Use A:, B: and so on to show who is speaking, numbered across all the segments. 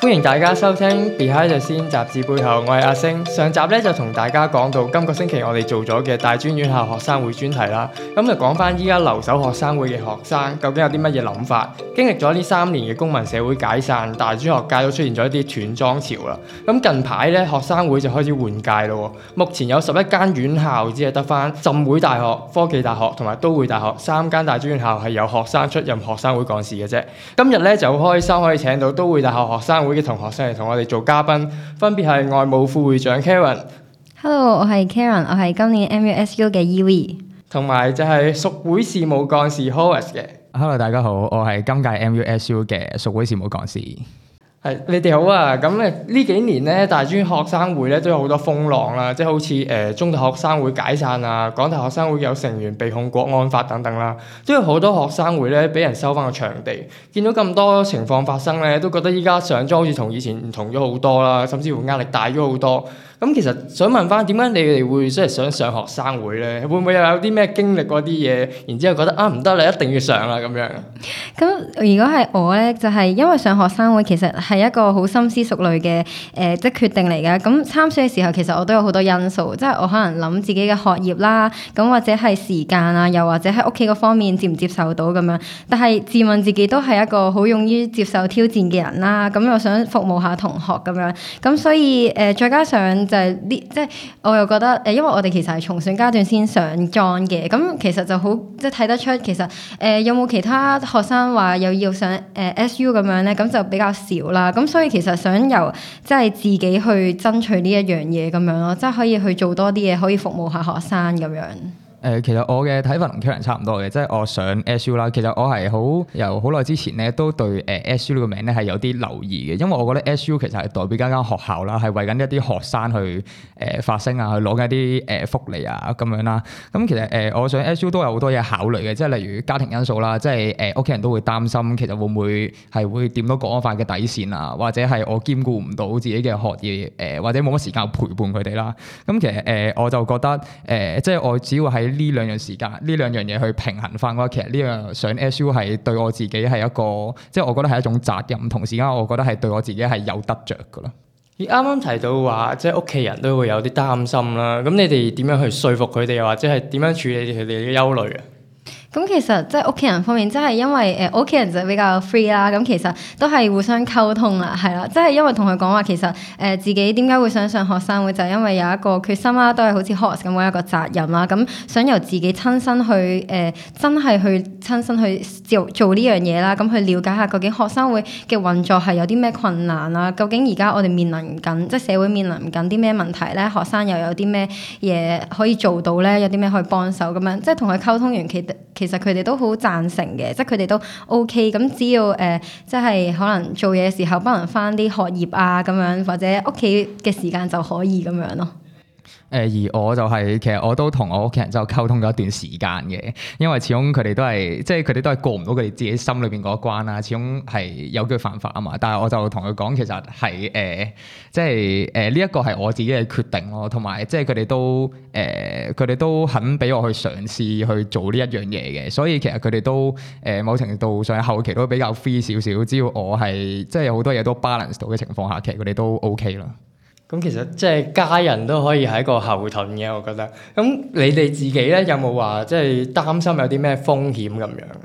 A: 歡迎大家收聽《Be High》集誌背後，我係阿星。上集咧就同大家講到今個星期我哋做咗嘅大專院校學生會專題啦。咁就講翻依家留守學生會嘅學生究竟有啲乜嘢諗法？經歷咗呢三年嘅公民社會解散，大專學界都出現咗一啲斷莊潮啦。咁近排咧學生會就開始換屆咯。目前有十一間院校，只係得翻浸會大學、科技大學同埋都會大學三間大專院校係有學生出任學生會幹事嘅啫。今日咧就好開心可以請到都會大學學生會。嘅同學上嚟同我哋做嘉賓，分別係外務副會長 Karen。
B: Hello，我係 Karen，我係今年 MUSU 嘅 EV，
A: 同埋就係屬會事務幹事 Horace 嘅。Hor Hello，大家好，我係今屆 MUSU 嘅屬會事務幹事。係， 你哋好啊！咁誒呢幾年咧，大專學生會咧都有好多風浪啦，即係好似誒、呃、中大學生會解散啊，港大學生會有成員被控國安法等等啦，都有好多學生會咧俾人收翻個場地。見到咁多情況發生咧，都覺得依家上莊好似同以前唔同咗好多啦，甚至乎壓力大咗好多。咁其實想問翻點解你哋會即係想上學生會咧？會唔會又有啲咩經歷過啲嘢，然之後覺得啊唔得啦，一定要上啦咁樣？
B: 咁、嗯、如果係我咧，就係、是、因為上學生會其實係一個好深思熟慮嘅誒、呃、即決定嚟㗎。咁、嗯、參選嘅時候，其實我都有好多因素，即係我可能諗自己嘅學業啦，咁、嗯、或者係時間啊，又或者喺屋企個方面接唔接受到咁樣。但係自問自己都係一個好勇於接受挑戰嘅人啦，咁、嗯、又想服務下同學咁樣。咁、嗯、所以誒、呃，再加上。就係、是、呢，即係我又覺得誒，因為我哋其實係重選階段先上莊嘅，咁其實就好，即係睇得出其實誒、呃、有冇其他學生話又要上誒、呃、SU 咁樣咧，咁就比較少啦。咁所以其實想由即係自己去爭取呢一樣嘢咁樣咯，即係可以去做多啲嘢，可以服務下學生咁樣。
A: 誒、呃、其實我嘅睇法同屋企人差唔多嘅，即係我上 SU 啦。其實我係好由好耐之前咧，都對誒、呃、SU 個名咧係有啲留意嘅，因為我覺得 SU 其實係代表間間學校啦，係為緊一啲學生去誒、呃、發聲啊，去攞緊一啲誒、呃、福利啊咁樣啦、啊。咁、嗯、其實誒、呃、我上 SU 都有好多嘢考慮嘅，即係例如家庭因素啦，即係誒屋企人都會擔心，其實會唔會係會掂到國安法嘅底線啊，或者係我兼顧唔到自己嘅學業誒、呃，或者冇乜時間陪伴佢哋啦。咁、嗯、其實誒、呃、我就覺得誒、呃，即係我只要喺。呢兩樣時間，呢兩樣嘢去平衡翻。我其實呢樣上 S.U. 係對我自己係一個，即係我覺得係一種責任。同時，而家我覺得係對我自己係有得着嘅咯。你啱啱提到話，即係屋企人都會有啲擔心啦。咁你哋點樣去説服佢哋，或者係點樣處理佢哋嘅憂慮嘅？咁
B: 其實即係屋企人方面，即係因為誒屋企人就比較 free 啦。咁其實都係互相溝通啦，係啦。即係因為同佢講話，其實誒、呃、自己點解會想上學生會，就係、因為有一個決心啦，都係好似 house 咁有一個責任啦。咁、嗯、想由自己親身去誒、呃，真係去親身去做做呢樣嘢啦。咁、嗯、去了解下究竟學生會嘅運作係有啲咩困難啦，究竟而家我哋面臨緊即係社會面臨緊啲咩問題咧？學生又有啲咩嘢可以做到咧？有啲咩可以幫手咁樣？即係同佢溝通完其，其其實佢哋都好贊成嘅，即係佢哋都 OK。咁只要誒、呃，即係可能做嘢嘅時候，可能翻啲學業啊咁樣或者屋企嘅時間就可以咁樣咯。
A: 誒，而我就係、是、其實我都同我屋企人就溝通咗一段時間嘅，因為始終佢哋都係即係佢哋都係過唔到佢哋自己心裏邊嗰一關啦，始終係有句犯法啊嘛。但係我就同佢講，其實係誒、呃，即係誒呢一個係我自己嘅決定咯，同埋即係佢哋都誒，佢、呃、哋都肯俾我去嘗試去做呢一樣嘢嘅，所以其實佢哋都誒、呃、某程度上後期都比較 free 少少，只要我係即係好多嘢都 balance 到嘅情況下，其實佢哋都 OK 咯。咁其實即係家人都可以係一個後盾嘅，我覺得。咁你哋自己呢有冇話即係擔心有啲咩風險咁樣啊？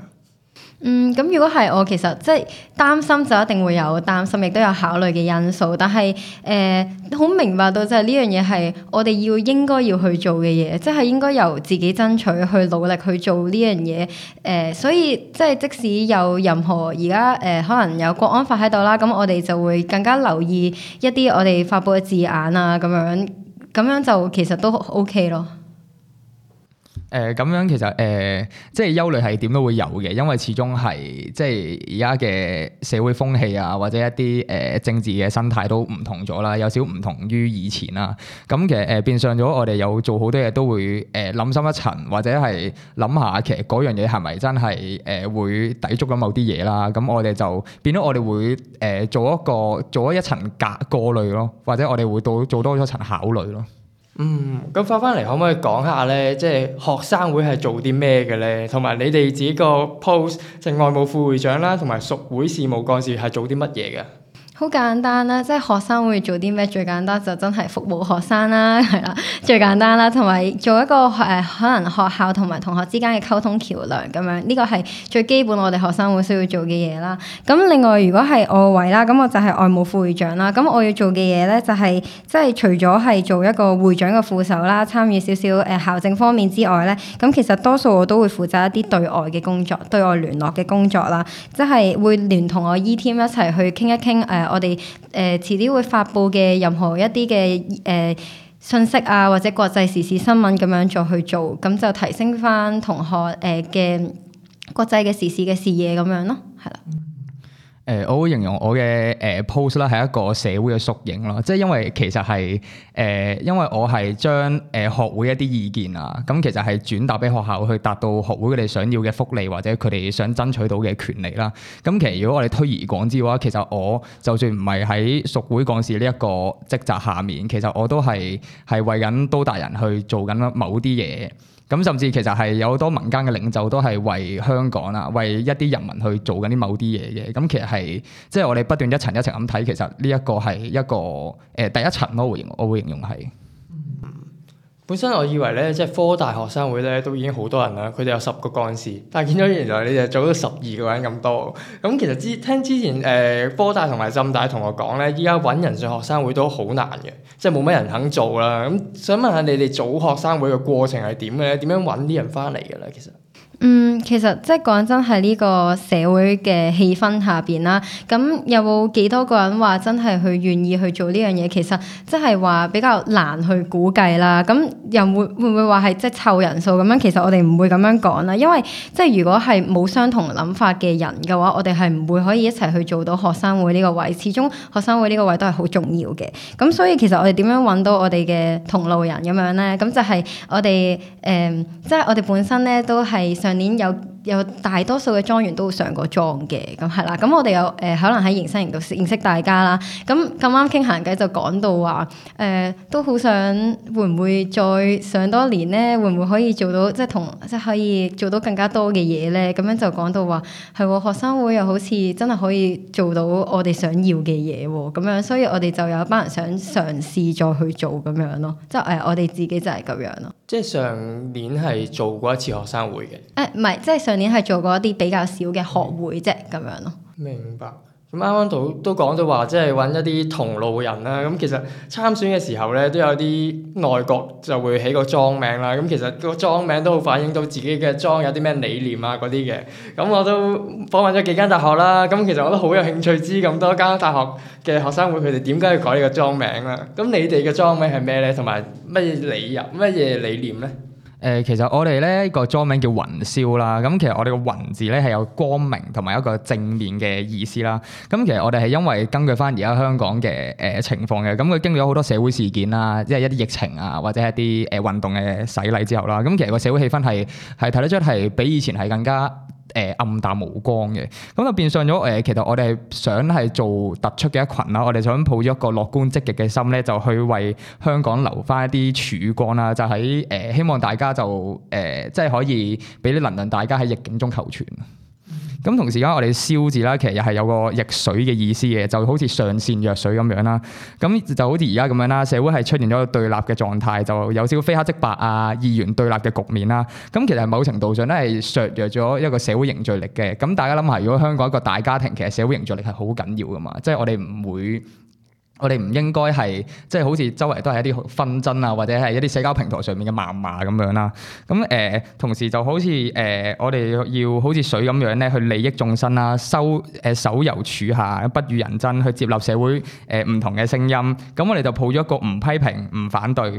B: 嗯，咁如果係我其實即係擔心就一定會有擔心，亦都有考慮嘅因素。但係誒，好明白到就係呢樣嘢係我哋要應該要去做嘅嘢，即係應該由自己爭取去努力去做呢樣嘢。誒、呃，所以即係即使有任何而家誒可能有國安法喺度啦，咁我哋就會更加留意一啲我哋發佈嘅字眼啊，咁樣咁樣就其實都 OK 咯。
A: 誒咁、呃、樣其實誒、呃，即係憂慮係點都會有嘅，因為始終係即係而家嘅社會風氣啊，或者一啲誒、呃、政治嘅生態都唔同咗啦，有少唔同於以前啦。咁、嗯、其實誒、呃、變相咗，我哋有做好多嘢都會誒諗深一層，或者係諗下其實嗰樣嘢係咪真係誒、呃、會抵觸緊某啲嘢啦。咁、嗯、我哋就變咗我哋會誒、呃、做一個做一層隔過濾咯，或者我哋會到做多咗層考慮咯。嗯，咁翻翻嚟可唔可以講下咧？即係學生會係做啲咩嘅咧？同埋你哋自己個 post 即係外務副會長啦，同埋屬會事務幹事係做啲乜嘢嘅？
B: 好簡單啦，即係學生會做啲咩最簡單就真係服務學生啦，係啦，最簡單啦，同埋做一個誒、呃、可能學校同埋同學之間嘅溝通橋梁咁樣，呢個係最基本我哋學生會需要做嘅嘢啦。咁另外如果係外圍啦，咁我就係外務副會長啦，咁我要做嘅嘢咧就係即係除咗係做一個會長嘅副手啦，參與少少誒、呃、校政方面之外咧，咁其實多數我都會負責一啲對外嘅工作，對外聯絡嘅工作啦，即、就、係、是、會聯同我 E Team 一齊去傾一傾誒。呃我哋誒、呃、遲啲會發布嘅任何一啲嘅誒信息啊，或者國際時事新聞咁樣再去做，咁就提升翻同學誒嘅、呃、國際嘅時事嘅視野咁樣咯，係啦。
A: 誒、呃，我會形容我嘅誒、呃、post 啦，係一個社會嘅縮影咯。即係因為其實係誒、呃，因為我係將誒、呃、學會一啲意見啊，咁、嗯、其實係轉達俾學校去達到學會佢哋想要嘅福利或者佢哋想爭取到嘅權利啦。咁、嗯、其實如果我哋推而廣之嘅話，其實我就算唔係喺屬會幹事呢一個職責下面，其實我都係係為緊都大人去做緊某啲嘢。咁甚至其實係有好多民間嘅領袖都係為香港啦、啊，為一啲人民去做緊啲某啲嘢嘅。咁其實係即係我哋不斷一層一層咁睇，其實呢、就是、一,一,一個係一個誒第一層咯，我會我會形容係。本身我以為咧，即係科大學生會咧都已經好多人啦，佢哋有十個幹事，但係見到原來你哋做咗十二個人咁多，咁其實之聽之前誒、呃、科大同埋浸大同學講咧，依家揾人做學生會都好難嘅，即係冇乜人肯做啦。咁想問下你哋組學生會嘅過程係點嘅咧？點樣揾啲人翻嚟嘅咧？其實？
B: 嗯，其實即係講真係呢個社會嘅氣氛下邊啦，咁有冇幾多個人話真係去願意去做呢樣嘢？其實即係話比較難去估計啦。咁又會會唔會話係即係湊人數咁樣？其實我哋唔會咁樣講啦，因為即係如果係冇相同諗法嘅人嘅話，我哋係唔會可以一齊去做到學生會呢個位。始終學生會呢個位都係好重要嘅。咁所以其實我哋點樣揾到我哋嘅同路人咁樣咧？咁就係我哋誒，即係我哋本身咧都係。上年有。有大多數嘅莊員都上過莊嘅，咁係啦。咁我哋有誒、呃，可能喺迎新營度認識大家啦。咁咁啱傾閒偈就講到話誒、呃，都好想會唔會再上多年咧？會唔會可以做到即係同即係可以做到更加多嘅嘢咧？咁樣就講到話係、啊、學生會又好似真係可以做到我哋想要嘅嘢喎，咁樣，所以我哋就有一班人想嘗試再去做咁樣咯。即係誒，我哋自己就係咁樣咯。
A: 即係上年係做過一次學生會嘅。誒唔
B: 係，即係上。年係做過一啲比較少嘅學會啫，咁樣咯。明白。
A: 咁啱啱都都講到話，即係揾一啲同路人啦。咁其實參選嘅時候咧，都有啲內閣就會起個莊名啦。咁其實個莊名都好反映到自己嘅莊有啲咩理念啊，嗰啲嘅。咁我都訪問咗幾間大學啦。咁其實我都好有興趣知咁多間大學嘅學生會，佢哋點解要改個呢個莊名啦？咁你哋嘅莊名係咩咧？同埋乜嘢理由？乜嘢理念咧？誒、呃、其實我哋咧、這個莊名叫昀潚啦，咁、嗯、其實我哋個昀字咧係有光明同埋一個正面嘅意思啦。咁、嗯、其實我哋係因為根據翻而家香港嘅誒、呃、情況嘅，咁、嗯、佢經歷咗好多社會事件啦，即係一啲疫情啊，或者一啲誒、呃、運動嘅洗禮之後啦。咁、嗯、其實個社會氣氛係係睇得出係比以前係更加誒、暗淡無光嘅，咁就變相咗誒、呃。其實我哋想係做突出嘅一群啦，我哋想抱咗一個樂觀積極嘅心咧，就去為香港留翻一啲曙光啦。就喺誒、呃，希望大家就誒、呃，即係可以俾啲能量大家喺逆境中求存。咁同時間，我哋潚字啦，其實又係有個逆水嘅意思嘅，就好似上善若水咁樣啦。咁就好似而家咁樣啦，社會係出現咗個對立嘅狀態，就有少少非黑即白啊，二元對立嘅局面啦。咁其實某程度上都係削弱咗一個社會凝聚力嘅。咁大家諗下，如果香港一個大家庭，其實社會凝聚力係好緊要噶嘛，即係我哋唔會。我哋唔應該係即係好似周圍都係一啲紛爭啊，或者係一啲社交平台上面嘅謾罵咁樣啦。咁、嗯、誒，同時就好似誒、嗯，我哋要好似水咁樣咧，去利益眾生啦，收誒守柔處下，不與人爭，去接納社會誒唔同嘅聲音。咁、嗯、我哋就抱咗一個唔批評、唔反對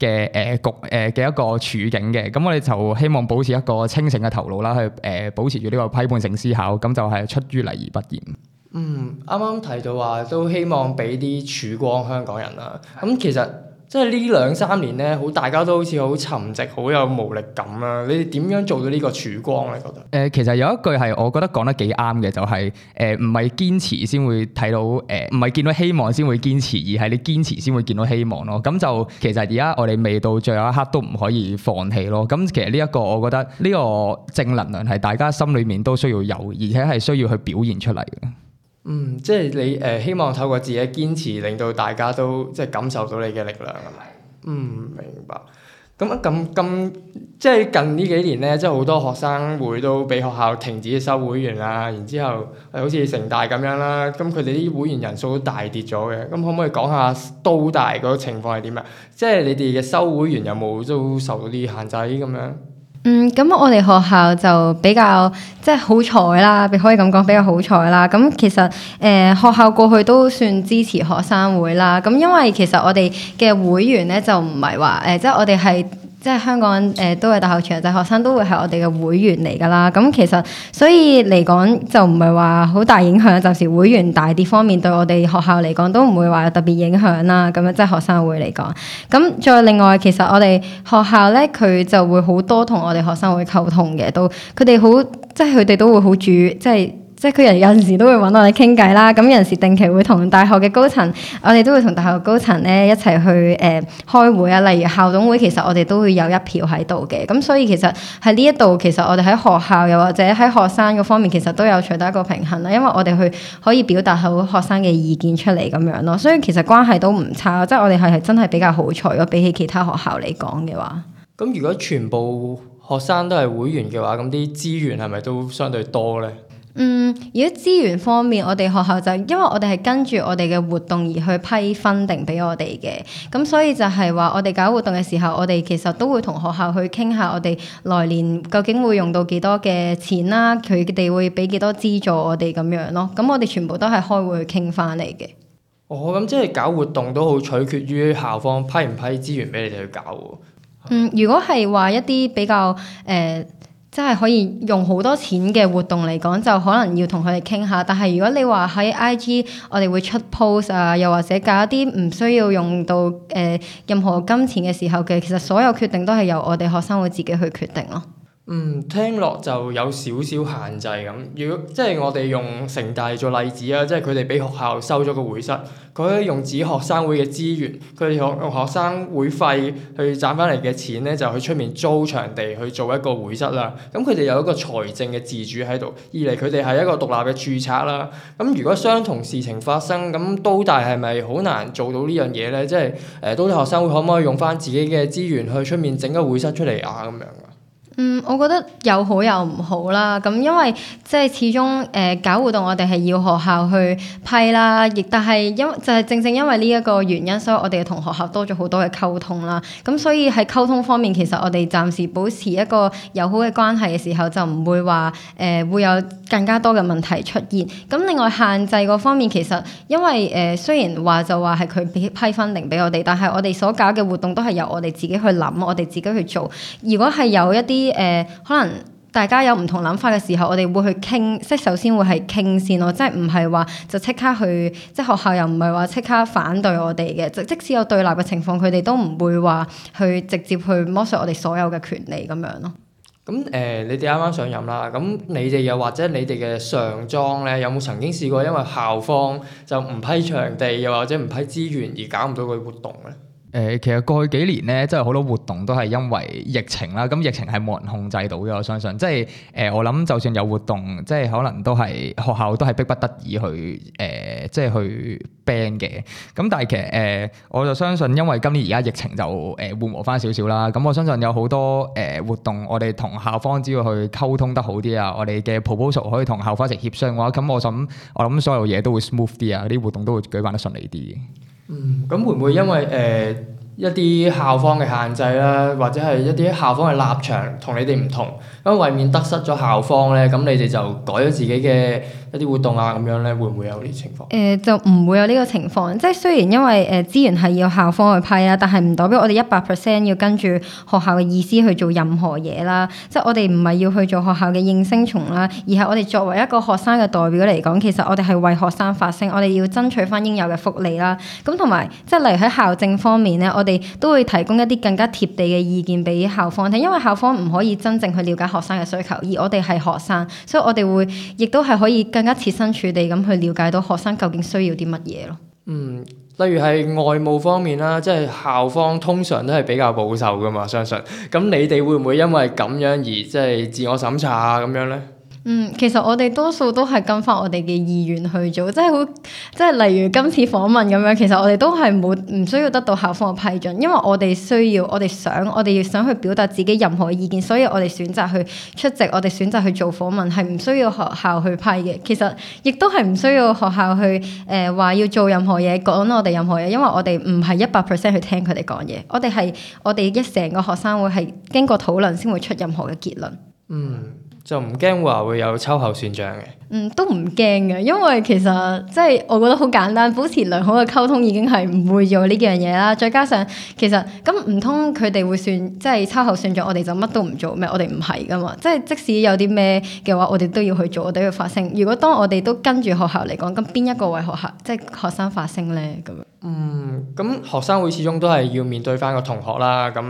A: 嘅誒局誒嘅一個處境嘅。咁、嗯、我哋就希望保持一個清醒嘅頭腦啦，去誒、呃、保持住呢個批判性思考。咁、嗯、就係、是、出淤泥而不染。嗯，啱啱提到話都希望俾啲曙光香港人啦、啊。咁、嗯、其實即係呢兩三年咧，好大家都好似好沉寂，好有無力感啦、啊。你哋點樣做到呢個曙光咧？覺得誒，其實有一句係我覺得講得幾啱嘅，就係誒唔係堅持先會睇到誒，唔、呃、係見到希望先會堅持，而係你堅持先會見到希望咯。咁、嗯、就其實而家我哋未到最後一刻都唔可以放棄咯。咁、嗯、其實呢一個我覺得呢、呢個正能量係大家心裡面都需要有，而且係需要去表現出嚟嘅。嗯，即係你誒、呃、希望透過自己堅持，令到大家都即係感受到你嘅力量，係咪？嗯，明白。咁啊，咁咁即係近呢幾年咧，即係好多學生會都俾學校停止收會員啊。然之後，好似城大咁樣啦，咁佢哋啲會員人數都大跌咗嘅。咁可唔可以講下都大嗰個情況係點啊？即係你哋嘅收會員有冇都受到啲限制咁樣？
B: 嗯，咁我哋學校就比較即係好彩啦，可以咁講比較好彩啦。咁其實誒、呃、學校過去都算支持學生會啦。咁因為其實我哋嘅會員咧就唔係話誒，即係我哋係。即係香港誒、呃，都係大學全日制學生都會係我哋嘅會員嚟㗎啦。咁、嗯、其實所以嚟講就唔係話好大影響，就係會員大跌方面對我哋學校嚟講都唔會話有特別影響啦。咁樣即係學生會嚟講，咁、嗯、再另外其實我哋學校咧佢就會好多同我哋學生會溝通嘅，都佢哋好即係佢哋都會好主，即係。即係佢哋有陣時都會揾我哋傾偈啦，咁有陣時定期會同大學嘅高層，我哋都會同大學高層咧一齊去誒、呃、開會啊，例如校董會，其實我哋都會有一票喺度嘅，咁所以其實喺呢一度，其實我哋喺學校又或者喺學生嗰方面，其實都有取得一個平衡啦，因為我哋去可以表達好學生嘅意見出嚟咁樣咯，所以其實關係都唔差，即係我哋係係真係比較好彩咯，比起其他學校嚟講嘅話。
A: 咁如果全部學生都係會員嘅話，咁啲資源係咪都相對多呢？
B: 嗯，如果資源方面，我哋學校就因為我哋係跟住我哋嘅活動而去批分定俾我哋嘅，咁所以就係話我哋搞活動嘅時候，我哋其實都會同學校去傾下我哋來年究竟會用到幾多嘅錢啦、啊，佢哋會俾幾多資助我哋咁樣咯。咁我哋全部都係開會去傾翻嚟嘅。
A: 哦，咁、嗯、即係搞活動都好取決於校方批唔批資源俾你哋去搞喎。
B: 嗯，如果係話一啲比較誒、呃真係可以用好多錢嘅活動嚟講，就可能要同佢哋傾下。但係如果你話喺 IG，我哋會出 post 啊，又或者搞一啲唔需要用到誒、呃、任何金錢嘅時候嘅，其實所有決定都係由我哋學生會自己去決定咯。
A: 嗯，聽落就有少少限制咁。如果即係我哋用城大做例子啊，即係佢哋俾學校收咗個會室，佢可以用自己學生會嘅資源，佢哋用學生會費去賺翻嚟嘅錢咧，就去出面租場地去做一個會室啦。咁佢哋有一個財政嘅自主喺度。二嚟佢哋係一個獨立嘅註冊啦。咁如果相同事情發生，咁都大係咪好難做到呢樣嘢咧？即係誒，都大學生會可唔可以用翻自己嘅資源去出面整個會室出嚟啊？咁樣。
B: 嗯，我覺得有好有唔好啦。咁因為即係始終誒、呃、搞活動我哋係要學校去批啦。亦但係因為就係、是、正正因為呢一個原因，所以我哋同學校多咗好多嘅溝通啦。咁、嗯、所以喺溝通方面，其實我哋暫時保持一個友好嘅關係嘅時候，就唔會話誒、呃、會有更加多嘅問題出現，咁、嗯、另外限制嗰方面，其實因為誒、呃、雖然話就話係佢批批分零俾我哋，但係我哋所搞嘅活動都係由我哋自己去諗，我哋自己去做。如果係有一啲啲、呃、可能大家有唔同諗法嘅時候，我哋會去傾，即首先會係傾先咯，即係唔係話就即刻去，即係學校又唔係話即刻反對我哋嘅，即即使有對立嘅情況，佢哋都唔會話去直接去剝削我哋所有嘅權利咁樣咯。咁
A: 誒、嗯呃，你哋啱啱上任啦，咁你哋又或者你哋嘅上莊咧，有冇曾經試過因為校方就唔批場地又或者唔批資源而搞唔到個活動咧？誒，其實過去幾年咧，即係好多活動都係因為疫情啦。咁疫情係冇人控制到嘅，我相信。即係誒、呃，我諗就算有活動，即係可能都係學校都係逼不得已去誒、呃，即係去 ban 嘅。咁但係其實誒、呃，我就相信，因為今年而家疫情就誒緩、呃、和翻少少啦。咁我相信有好多誒、呃、活動，我哋同校方只要去溝通得好啲啊，我哋嘅 proposal 可以同校方一齊協商嘅話，咁我就諗我諗所有嘢都會 smooth 啲啊，啲活動都會舉辦得順利啲。嗯，咁會唔會因為誒、呃一啲校方嘅限制啦，或者係一啲校方嘅立場同你哋唔同，咁為免得失咗校方咧，咁你哋就改咗自己嘅一啲活動啊，咁樣咧會唔會有呢啲情況？
B: 誒、呃、就唔會有呢個情況，即係雖然因為誒資源係要校方去批啦，但係唔代表我哋一百 percent 要跟住學校嘅意思去做任何嘢啦。即係我哋唔係要去做學校嘅應聲蟲啦，而係我哋作為一個學生嘅代表嚟講，其實我哋係為學生發聲，我哋要爭取翻應有嘅福利啦。咁同埋即係例如喺校政方面咧，我。我哋都會提供一啲更加貼地嘅意見俾校方聽，因為校方唔可以真正去了解學生嘅需求，而我哋係學生，所以我哋會亦都係可以更加設身處地咁去了解到學生究竟需要啲乜嘢
A: 咯。嗯，例如係外務方面啦，即係校方通常都係比較保守㗎嘛，相信咁你哋會唔會因為咁樣而即係自我審查啊咁樣咧？
B: 嗯，其實我哋多數都係跟翻我哋嘅意願去做，即係好，即係例如今次訪問咁樣。其實我哋都係冇，唔需要得到校方嘅批准，因為我哋需要，我哋想，我哋要想去表達自己任何意見，所以我哋選擇去出席，我哋選擇去做訪問，係唔需要學校去批嘅。其實亦都係唔需要學校去誒話、呃、要做任何嘢，講我哋任何嘢，因為我哋唔係一百 percent 去聽佢哋講嘢。我哋係我哋一成個學生會係經過討論先會出任何嘅結論。嗯。
A: 就唔驚話會有秋後算賬嘅。
B: 嗯，都唔驚嘅，因為其實即係我覺得好簡單，保持良好嘅溝通已經係唔會有呢樣嘢啦。再加上其實咁唔通佢哋會算即係秋後算賬，我哋就乜都唔做咩？我哋唔係噶嘛。即係即使有啲咩嘅話，我哋都要去做，我哋都要發聲。如果當我哋都跟住學校嚟講，咁邊一個為學校即係學生發聲咧？咁樣。嗯，
A: 咁學生會始終都係要面對翻個同學啦。咁。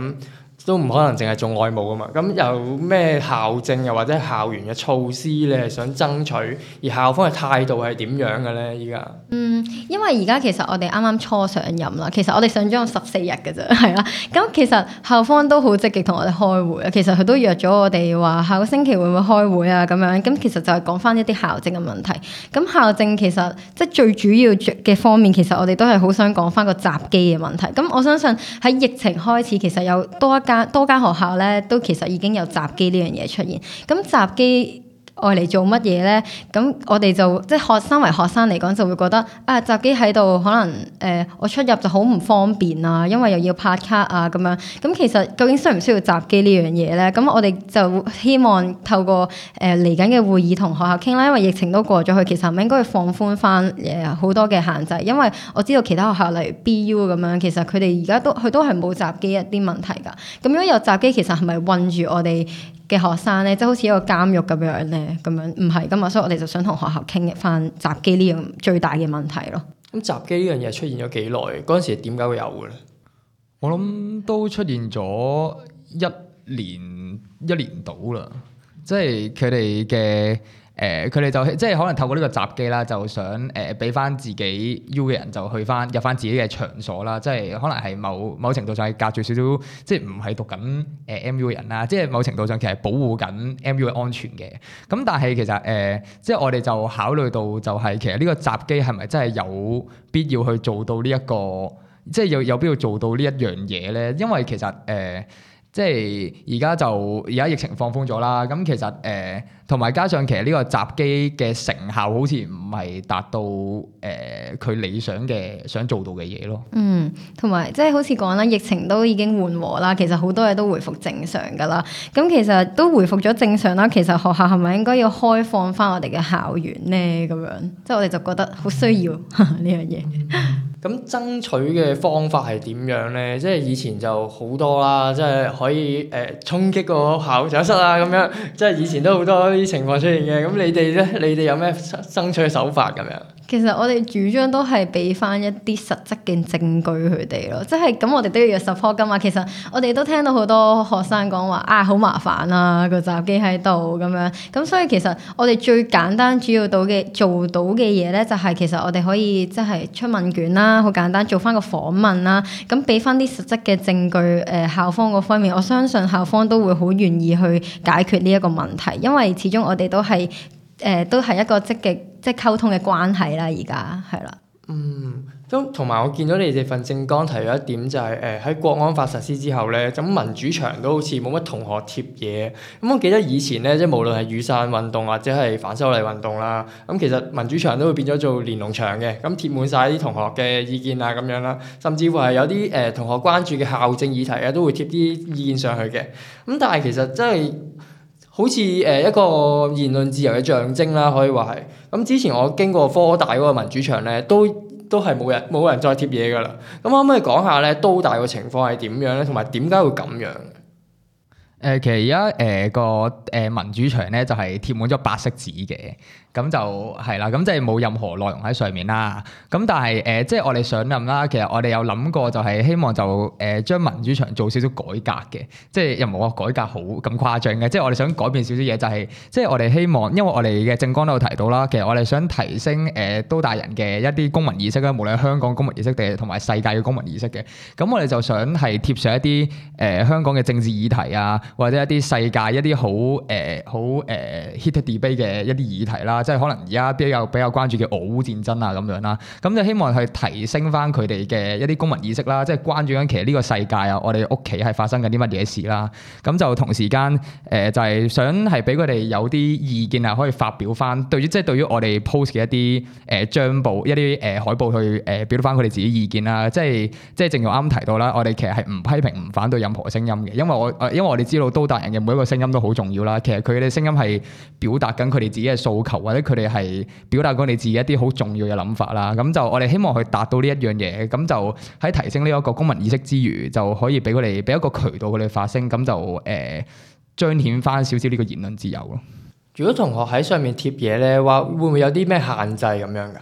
A: 都唔可能淨係做外務啊嘛？咁有咩校政又或者校園嘅措施，你係想爭取？而校方嘅態度係點樣嘅咧？依家嗯，
B: 因為而家其實我哋啱啱初上任啦，其實我哋上咗十四日嘅啫，係啦、啊。咁、嗯、其實校方都好積極同我哋開會啊。其實佢都約咗我哋話下個星期會唔會開會啊？咁樣，咁、嗯、其實就係講翻一啲校政嘅問題，咁、嗯、校政其實即係最主要嘅方面，其實我哋都係好想講翻個閘機嘅問題，咁、嗯、我相信喺疫情開始，其實有多一間。多間學校咧，都其實已經有閘機呢樣嘢出現。咁閘機。愛嚟做乜嘢咧？咁我哋就即學生為學生嚟講，就會覺得啊，閘機喺度可能誒、呃，我出入就好唔方便啊，因為又要拍卡啊咁樣。咁其實究竟需唔需要閘機呢樣嘢咧？咁我哋就希望透過誒嚟緊嘅會議同學校傾啦，因為疫情都過咗去，其實係咪應該放寬翻誒好多嘅限制？因為我知道其他學校例如 BU 咁樣，其實佢哋而家都佢都係冇閘機一啲問題㗎。咁如果有閘機，其實係咪困住我哋？嘅學生咧，即係好似一個監獄咁樣咧，咁樣唔係噶嘛，所以我哋就想同學校傾翻閘機呢樣最大嘅問題咯。
A: 咁閘、嗯、機呢樣嘢出現咗幾耐？嗰陣時點解會有嘅咧？我諗都出現咗一年一年到啦，即係佢哋嘅。誒佢哋就即係可能透過呢個閘機啦，就想誒俾翻自己 U 嘅人就去翻入翻自己嘅場所啦，即係可能係某某程度上係隔住少少，即係唔係讀緊誒 MU 嘅人啦，即係某程度上其實保護緊 MU 嘅安全嘅。咁但係其實誒、呃，即係我哋就考慮到就係、是、其實呢個閘機係咪真係有必要去做到呢、這、一個，即係有有必要做到呢一樣嘢咧？因為其實誒。呃即係而家就而家疫情放寬咗啦，咁其實誒同埋加上其實呢個閘機嘅成效好似唔係達到誒佢、呃、理想嘅想做到嘅嘢咯。
B: 嗯，同埋即係好似講啦，疫情都已經緩和啦，其實好多嘢都回復正常噶啦。咁其實都回復咗正常啦。其實學校係咪應該要開放返我哋嘅校園咧？咁樣即係我哋就覺得好需要呢樣嘢。
A: 咁爭取嘅方法係點樣咧？即係以前就好多啦，即係可以誒、呃、衝擊個校長室啊咁樣，即係以前都好多呢啲情況出現嘅。咁你哋咧？你哋有咩爭爭取手法咁樣？
B: 其實我哋主張都係俾翻一啲實質嘅證據佢哋咯。即係咁，我哋都要有 support 噶嘛。其實我哋都聽到好多學生講話啊，好、哎、麻煩啊、個閘機喺度咁樣，咁所以其實我哋最簡單主要到嘅做到嘅嘢咧，就係、是、其實我哋可以即係出問卷啦。好簡單，做翻個訪問啦，咁俾翻啲實質嘅證據，誒、呃、校方嗰方面，我相信校方都會好願意去解決呢一個問題，因為始終我哋都係誒、呃、都係一個積極即係溝通嘅關係啦，而家係啦。嗯。
A: 咁同埋我見到你哋份政綱提咗一點，就係誒喺國安法實施之後咧，咁民主牆都好似冇乜同學貼嘢。咁我記得以前咧，即係無論係雨傘運動或者係反修例運動啦，咁其實民主牆都會變咗做連儂牆嘅，咁貼滿晒啲同學嘅意見啊，咁樣啦，甚至乎係有啲誒同學關注嘅校政議題咧，都會貼啲意見上去嘅。咁但係其實真係好似誒一個言論自由嘅象徵啦，可以話係。咁之前我經過科大嗰個民主牆咧，都。都係冇人冇人再貼嘢噶啦。咁可唔可以講下咧，都大個情況係點樣咧，同埋點解會咁樣？誒、呃、其實而家誒個誒民主牆咧就係、是、貼滿咗白色紙嘅，咁就係啦，咁即係冇任何內容喺上面啦。咁但係誒、呃、即係我哋上任啦，其實我哋有諗過就係希望就誒、呃、將民主牆做少少改革嘅，即係又冇話改革好咁誇張嘅，即係我哋想改變少少嘢，就係、是、即係我哋希望，因為我哋嘅政綱都有提到啦，其實我哋想提升誒、呃、都大人嘅一啲公民意識啦，無論香港公民意識定係同埋世界嘅公民意識嘅。咁我哋就想係貼上一啲誒、呃、香港嘅政治議題啊，或者一啲世界一啲好誒好誒 hit debate 嘅一啲議題啦，即係可能而家比較比較關注嘅俄烏戰爭啊咁樣啦，咁就希望去提升翻佢哋嘅一啲公民意識啦，即係關注緊其實呢個世界啊，我哋屋企係發生緊啲乜嘢事啦，咁就同時間誒、呃、就係、是、想係俾佢哋有啲意見啊，可以發表翻對於即係對於我哋 post 嘅一啲誒張報一啲誒、呃、海報去誒表翻佢哋自己意見啦，即係即係正如啱啱提到啦，我哋其實係唔批評唔反對任何聲音嘅，因為我因為我哋。呢度都大人嘅每一個聲音都好重要啦，其實佢哋聲音係表達緊佢哋自己嘅訴求，或者佢哋係表達緊你自己一啲好重要嘅諗法啦。咁就我哋希望去達到呢一樣嘢，咁就喺提升呢一個公民意識之餘，就可以俾佢哋俾一個渠道佢哋發聲，咁就誒、呃、彰顯返少少呢個言論自由咯。如果同學喺上面貼嘢咧，話會唔會有啲咩限制咁樣㗎？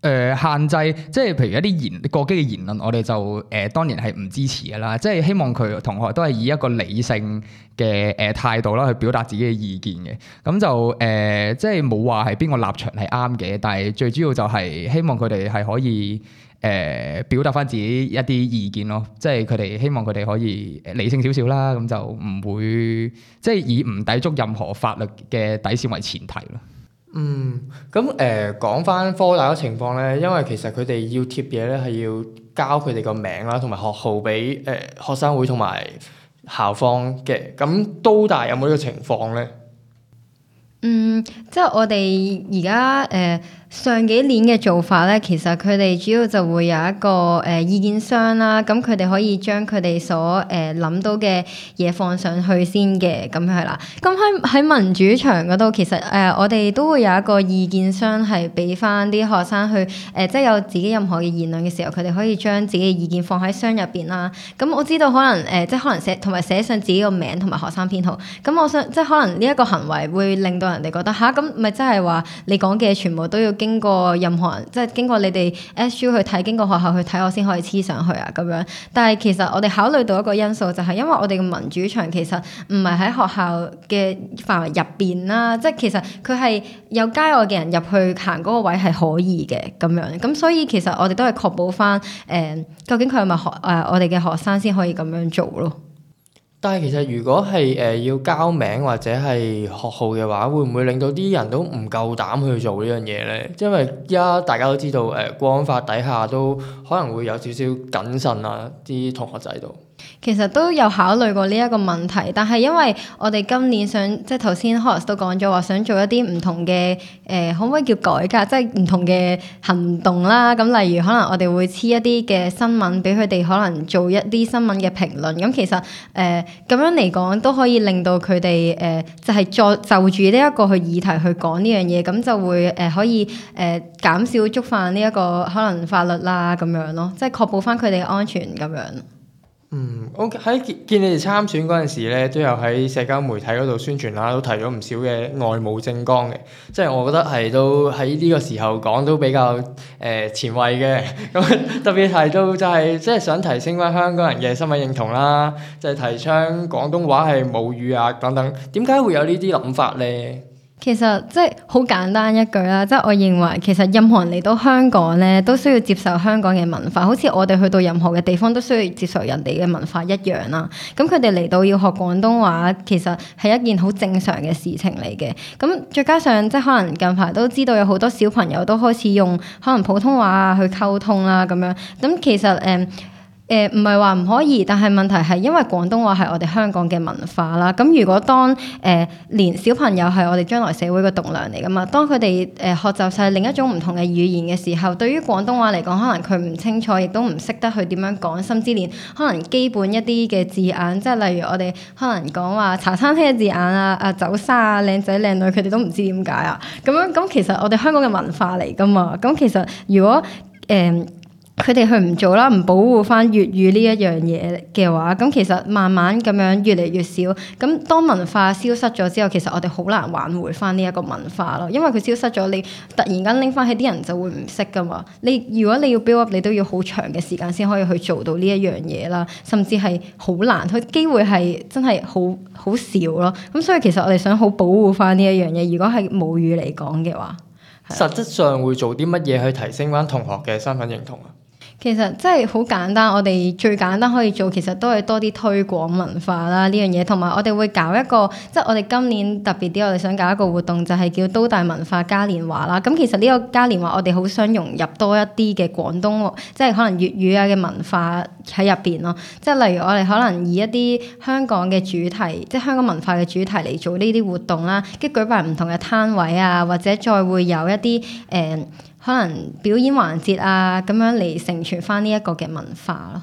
A: 誒、呃、限制，即係譬如一啲言過激嘅言論我，我哋就誒當然係唔支持嘅啦。即係希望佢同學都係以一個理性嘅誒態度啦去表達自己嘅意見嘅。咁就誒、呃、即係冇話係邊個立場係啱嘅，但係最主要就係希望佢哋係可以誒、呃、表達返自己一啲意見咯。即係佢哋希望佢哋可以理性少少啦。咁就唔會即係以唔抵觸任何法律嘅底線為前提咯。嗯，咁誒講返科大嘅情況咧，因為其實佢哋要貼嘢咧係要交佢哋個名啦，同埋學號俾誒學生會同埋校方嘅，咁都大有冇呢個情況咧？
B: 嗯，即係我哋而家誒。呃上幾年嘅做法咧，其實佢哋主要就會有一個誒、呃、意見箱啦，咁佢哋可以將佢哋所誒諗、呃、到嘅嘢放上去先嘅，咁係啦。咁喺喺民主牆嗰度，其實誒、呃、我哋都會有一個意見箱，係俾翻啲學生去誒、呃，即係有自己任何嘅言論嘅時候，佢哋可以將自己嘅意見放喺箱入邊啦。咁、嗯、我知道可能誒、呃，即係可能寫同埋寫上自己個名同埋學生編號。咁、嗯、我想即係可能呢一個行為會令到人哋覺得吓，咁咪即係話你講嘅全部都要。經過任何人，即係經過你哋 S.U. 去睇，經過學校去睇，我先可以黐上去啊咁樣。但係其實我哋考慮到一個因素，就係因為我哋嘅民主牆其實唔係喺學校嘅範圍入邊啦。即係其實佢係有街外嘅人入去行嗰個位係可以嘅咁樣。咁所以其實我哋都係確保翻誒、呃，究竟佢係咪學誒、呃、我哋嘅學生先可以咁樣做咯。
A: 但係其實如果係誒、呃、要交名或者係學號嘅話，會唔會令到啲人都唔夠膽去做呢樣嘢咧？因為而家大家都知道誒、呃、國安法底下都可能會有少少謹慎啊，啲同學仔度。
B: 其實都有考慮過呢一個問題，但係因為我哋今年想即係頭先 Horace 都講咗話，想做一啲唔同嘅誒、呃，可唔可以叫改革？即係唔同嘅行動啦。咁、嗯、例如可能我哋會黐一啲嘅新聞，俾佢哋可能做一啲新聞嘅評論。咁、嗯、其實誒咁、呃、樣嚟講都可以令到佢哋誒，就係、是、作就住呢一個去議題去講呢樣嘢，咁、嗯、就會誒、呃、可以誒、呃、減少觸犯呢、這、一個可能法律啦，咁樣咯，即係確保返佢哋嘅安全咁樣。
A: 嗯，我喺見見你哋參選嗰陣時咧，都有喺社交媒體嗰度宣傳啦，都提咗唔少嘅外務政綱嘅，即係我覺得係都喺呢個時候講都比較誒、呃、前衛嘅。咁 特別提到就係、是、即係想提升返香港人嘅身份認同啦，就係、是、提倡廣東話係母語啊等等。點解會有呢啲諗法咧？
B: 其實即係好簡單一句啦，即係我認為其實任何人嚟到香港咧，都需要接受香港嘅文化，好似我哋去到任何嘅地方都需要接受人哋嘅文化一樣啦。咁佢哋嚟到要學廣東話，其實係一件好正常嘅事情嚟嘅。咁再加上即係可能近排都知道有好多小朋友都開始用可能普通話啊去溝通啦咁樣，咁其實誒。嗯誒唔係話唔可以，但係問題係因為廣東話係我哋香港嘅文化啦。咁如果當誒連小朋友係我哋將來社會嘅棟梁嚟噶嘛，當佢哋誒學習晒另一種唔同嘅語言嘅時候，對於廣東話嚟講，可能佢唔清楚，亦都唔識得去點樣講，甚至連可能基本一啲嘅字眼，即係例如我哋可能講話茶餐廳嘅字眼啊、啊走沙啊、靚仔靚女，佢哋都唔知點解啊。咁樣咁其實我哋香港嘅文化嚟噶嘛。咁其實如果誒。佢哋去唔做啦，唔保護翻粵語呢一樣嘢嘅話，咁其實慢慢咁樣越嚟越少。咁當文化消失咗之後，其實我哋好難挽回翻呢一個文化咯，因為佢消失咗，你突然間拎翻起啲人就會唔識㗎嘛。你如果你要 build up，你都要好長嘅時間先可以去做到呢一樣嘢啦，甚至係好難。佢機會係真係好好少咯。咁所以其實我哋想好保護翻呢一樣嘢。如果係母語嚟講嘅話，
A: 實質上會做啲乜嘢去提升翻同學嘅身份認同啊？
B: 其實真係好簡單，我哋最簡單可以做，其實都係多啲推廣文化啦呢樣嘢，同埋我哋會搞一個，即係我哋今年特別啲，我哋想搞一個活動，就係叫都大文化嘉年華啦。咁，嗯，其實呢個嘉年華，我哋好想融入多一啲嘅廣東喎，即係可能粵語啊嘅文化喺入邊咯。即係例如我哋可能以一啲香港嘅主題，即係香港文化嘅主題嚟做呢啲活動啦，跟住舉辦唔同嘅攤位啊，或者再會有一啲誒、呃可能表演環節啊，咁樣嚟承傳翻呢一個嘅文化咯。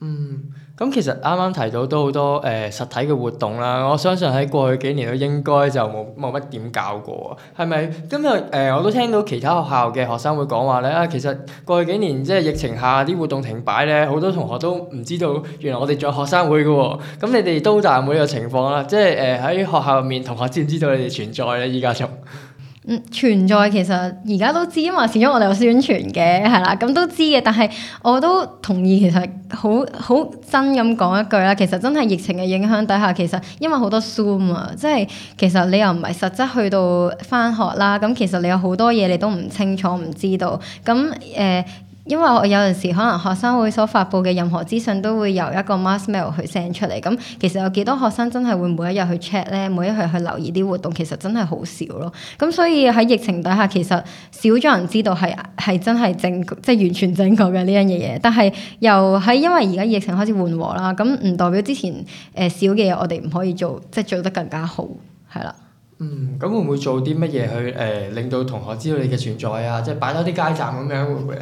B: 嗯，
A: 咁其實啱啱提到都好多誒、呃、實體嘅活動啦。我相信喺過去幾年都應該就冇冇乜點搞過啊。係咪今日誒、呃、我都聽到其他學校嘅學生會講話咧、啊？其實過去幾年即係疫情下啲活動停擺咧，好多同學都唔知道原來我哋仲有學生會嘅喎、哦。咁你哋都大係咪嘅情況啦？即係誒喺學校入面，同學知唔知道你哋存在咧？依家仲？
B: 嗯、存在其實而家都知啊，因為始終我哋有宣傳嘅，係啦，咁都知嘅。但係我都同意，其實好好真咁講一句啦，其實真係疫情嘅影響底下，其實因為好多 Zoom 啊，即係其實你又唔係實質去到返學啦，咁其實你有好多嘢你都唔清楚，唔知道，咁誒。呃因為我有陣時可能學生會所發布嘅任何資訊都會由一個 mass mail 去 send 出嚟，咁其實有幾多學生真係會每一日去 check 咧？每一日去留意啲活動，其實真係好少咯。咁、嗯、所以喺疫情底下，其實少咗人知道係係真係正即係完全正確嘅呢樣嘢嘢。但係又係因為而家疫情開始緩和啦，咁唔代表之前誒少嘅嘢我哋唔可以做，即係做得更加好係啦。嗯，
A: 咁會唔會做啲乜嘢去誒、呃、令到同學知道你嘅存在啊？即係擺多啲街站咁樣會唔會？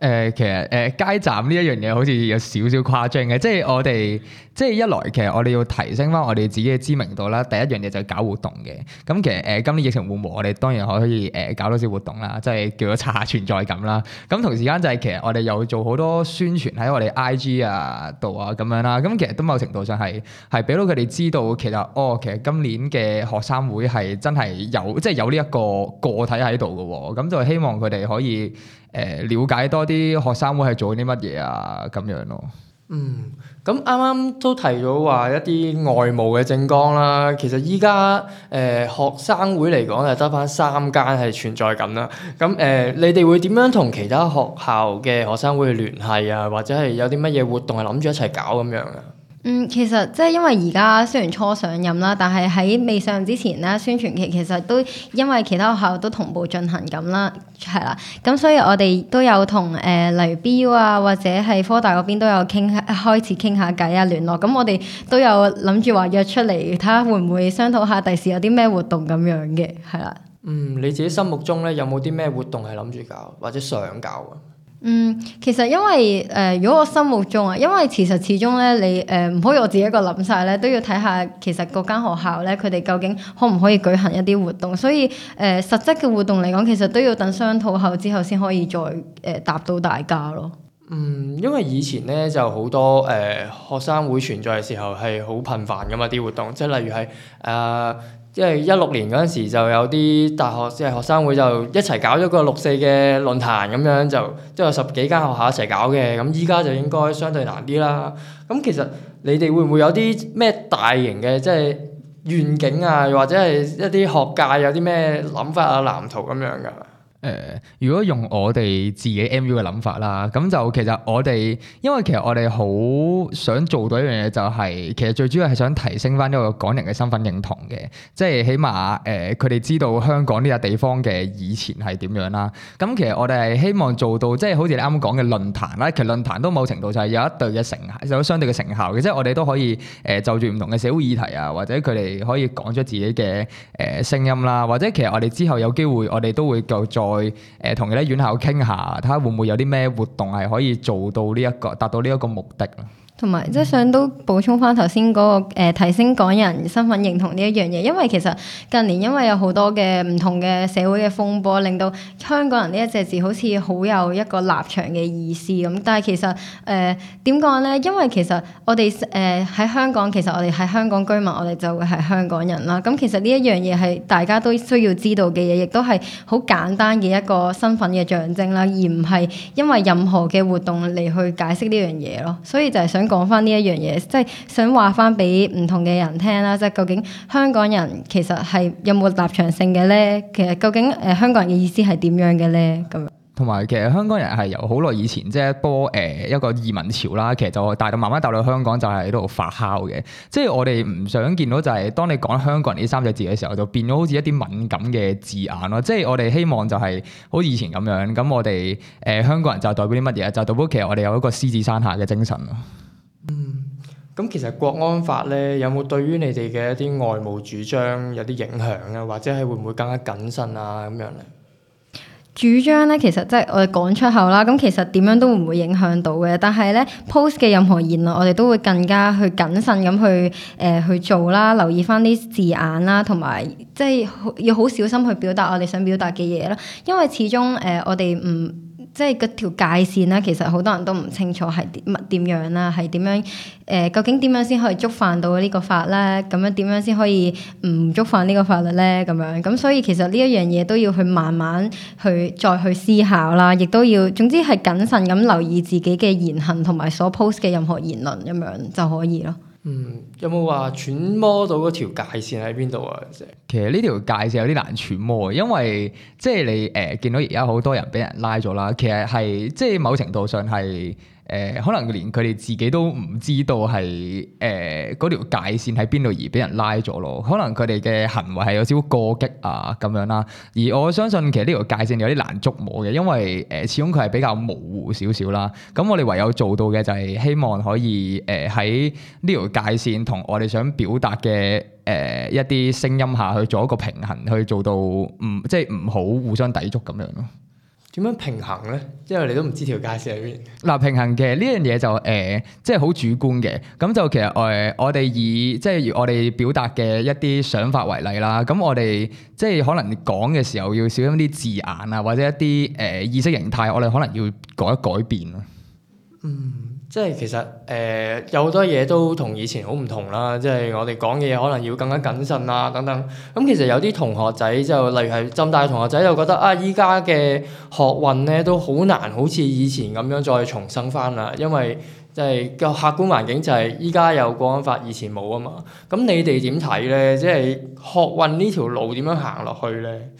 A: 誒、呃，其實誒、呃、街站呢一樣嘢好似有少少誇張嘅，即係我哋即係一來，其實我哋要提升返我哋自己嘅知名度啦。第一樣嘢就係搞活動嘅。咁、嗯、其實誒、呃、今年疫情緩和，我哋當然可以誒、呃、搞多啲活動啦，即係叫做刷下存在感啦。咁、嗯、同時間就係其實我哋又做好多宣傳喺我哋 I G 啊度啊咁樣啦。咁、嗯嗯、其實都某程度上係係俾到佢哋知道，其實哦，其實今年嘅學生會係真係有即係、就是、有呢一個個體喺度嘅喎。咁、嗯、就希望佢哋可以。誒、呃、了解多啲學生會係做啲乜嘢啊咁樣咯。嗯，咁啱啱都提到話一啲外務嘅政江啦。其實依家誒學生會嚟講就得翻三間係存在緊啦。咁誒、呃，你哋會點樣同其他學校嘅學生會聯繫啊？或者係有啲乜嘢活動係諗住一齊搞咁樣啊？
B: 嗯，其實即係因為而家雖然初上任啦，但係喺未上任之前咧，宣傳期其實都因為其他學校都同步進行緊啦，係啦。咁所以我哋都有同誒、呃，例如 BU 啊，或者係科大嗰邊都有傾開始傾下偈啊，聯絡。咁我哋都有諗住話約出嚟睇下會唔會商討下第時有啲咩活動咁樣嘅，係啦。
A: 嗯，你自己心目中咧有冇啲咩活動係諗住搞或者想搞啊？
B: 嗯，其實因為誒、呃，如果我心目中啊，因為其實始終咧，你誒唔、呃、可以我自己一個諗晒咧，都要睇下其實嗰間學校咧，佢哋究竟可唔可以舉行一啲活動，所以誒、呃、實質嘅活動嚟講，其實都要等商討後之後先可以再誒、呃、答到大家
A: 咯。嗯，因為以前咧就好多誒、呃、學生會存在嘅時候係好頻繁㗎嘛啲活動，即係例如係啊。呃即係一六年嗰陣時，就有啲大學即係學生會就一齊搞咗個六四嘅論壇咁樣就，就即係有十幾間學校一齊搞嘅。咁依家就應該相對難啲啦。咁其實你哋會唔會有啲咩大型嘅即係願景啊，或者係一啲學界有啲咩諗法啊、藍圖咁樣㗎？誒、呃，如果用我哋自己 M U 嘅諗法啦，咁就其實我哋，因為其實我哋好想做到一樣嘢，就是，就係其實最主要係想提升翻呢個港人嘅身份認同嘅，即係起碼誒佢哋知道香港呢笪地方嘅以前係點樣啦。咁其實我哋係希望做到，即係好似你啱啱講嘅論壇啦，其實論壇都某程度就係有一對嘅成有相對嘅成效嘅，即係我哋都可以誒、呃、就住唔同嘅社會議題啊，或者佢哋可以講出自己嘅誒、呃、聲音啦，或者其實我哋之後有機會我哋都會繼續做。去誒同其他院校傾下，睇下會唔會有啲咩活動係可以做到呢一個達到呢一個目的。
B: 同埋即係想都補充翻頭先嗰個誒，呃、提升港人身份認同呢一樣嘢，因為其實近年因為有好多嘅唔同嘅社會嘅風波，令到香港人呢一隻字好似好有一個立場嘅意思咁。但係其實誒點講咧？因為其實我哋誒喺香港，其實我哋喺香港居民，我哋就會係香港人啦。咁其實呢一樣嘢係大家都需要知道嘅嘢，亦都係好簡單嘅一個身份嘅象徵啦，而唔係因為任何嘅活動嚟去解釋呢樣嘢咯。所以就係想。講翻呢一樣嘢，即係想話翻俾唔同嘅人聽啦，即係究竟香港人其實係有冇立場性嘅咧？其實究竟誒、呃、香港人嘅意思係點樣嘅咧？咁
A: 同埋其實香港人係由好耐以前即係一波誒、呃、一個移民潮啦，其實就帶到慢慢帶到香港，就係喺度發酵嘅。即係我哋唔想見到就係，當你講香港人呢三隻字嘅時候，就變咗好似一啲敏感嘅字眼咯。即係我哋希望就係好似以前咁樣，咁我哋誒、呃、香港人就代表啲乜嘢？就代表其實我哋有一個獅子山下嘅精神咯。嗯，咁其實國安法咧有冇對於你哋嘅一啲外務主張有啲影響啊？或者係會唔會更加謹慎啊？咁樣咧，
B: 主張咧其實即係我哋講出口啦。咁其實點樣都唔會影響到嘅。但係咧，post 嘅任何言論，我哋都會更加去謹慎咁去誒、呃、去做啦，留意返啲字眼啦，同埋即係要好小心去表達我哋想表達嘅嘢啦。因為始終誒、呃、我哋唔。即係嗰條界線啦，其實好多人都唔清楚係乜點樣啦，係點樣誒、呃？究竟點樣先可以觸犯到呢個法咧？咁樣點樣先可以唔觸犯呢個法律咧？咁樣咁、嗯、所以其實呢一樣嘢都要去慢慢去再去思考啦，亦都要總之係謹慎咁留意自己嘅言行同埋所 post 嘅任何言論咁樣就可以咯。
A: 嗯，有冇話揣摩到嗰條界線喺邊度啊？其實呢條界線有啲難揣摩，因為即係你誒、呃、見到而家好多人俾人拉咗啦，其實係即係某程度上係。誒、呃、可能連佢哋自己都唔知道係誒嗰條界線喺邊度而俾人拉咗咯，可能佢哋嘅行為係有少少過激啊咁樣啦。而我相信其實呢條界線有啲難捉摸嘅，因為誒、呃、始終佢係比較模糊少少啦。咁我哋唯有做到嘅就係希望可以誒喺呢條界線同我哋想表達嘅誒、呃、一啲聲音下去做一個平衡，去做到唔即係唔好互相抵觸咁樣咯。點樣平衡咧？因為你都唔知條界線喺邊。嗱，平衡嘅呢樣嘢，就誒、呃，即係好主觀嘅。咁就其實誒、呃，我哋以即係我哋表達嘅一啲想法為例啦。咁我哋即係可能講嘅時候，要小心啲字眼啊，或者一啲誒、呃、意識形態，我哋可能要改一改變咯。嗯。即係其實誒、呃、有好多嘢都同以前好唔同啦，即係我哋講嘅嘢可能要更加謹慎啦、啊、等等。咁其實有啲同學仔就例如係浸大同學仔就覺得啊，依家嘅學運咧都好難好似以前咁樣再重生翻啦，因為即係個客觀環境就係依家有國安法，以前冇啊嘛。咁你哋點睇咧？即係學運呢條路點樣行落去咧？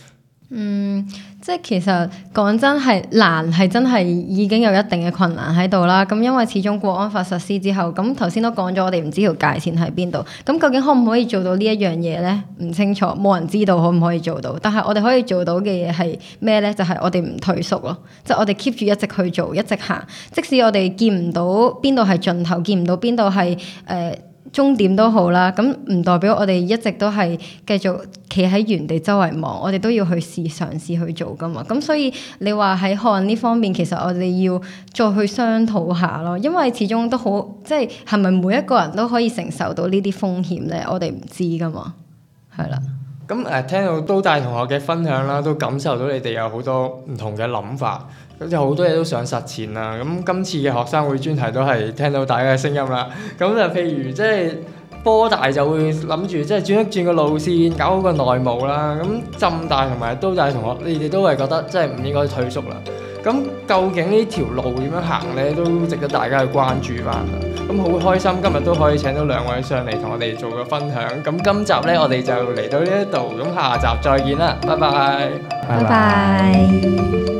B: 嗯，即係其實講真係難係真係已經有一定嘅困難喺度啦。咁因為始終國安法實施之後，咁頭先都講咗，我哋唔知條界線喺邊度。咁究竟可唔可以做到呢一樣嘢咧？唔清楚，冇人知道可唔可以做到。但係我哋可以做到嘅嘢係咩咧？就係我哋唔退縮咯，即係我哋 keep 住一直去做，一直行，即使我哋見唔到邊度係盡頭，見唔到邊度係誒、呃終點都好啦，咁唔代表我哋一直都係繼續企喺原地周圍望，我哋都要去試嘗試去做噶嘛。咁所以你話喺看呢方面，其實我哋要再去商討下咯，因為始終都好，即係係咪每一個人都可以承受到險呢啲風險咧？我哋唔知噶嘛，
A: 係啦。咁誒，聽到都大同學嘅分享啦，嗯、都感受到你哋有好多唔同嘅諗法。好似好多嘢都想實踐啦，咁今次嘅學生會專題都係聽到大家嘅聲音啦。咁就譬如即係波大就會諗住即係轉一轉個路線，搞好個內務啦。咁浸大同埋都大同學，你哋都係覺得即係唔應該退縮啦。咁究竟呢條路點樣行呢？都值得大家去關注返。咁好開心今日都可以請到兩位上嚟同我哋做個分享。咁今集呢，我哋就嚟到呢一度，咁下集再見啦，拜拜，拜拜。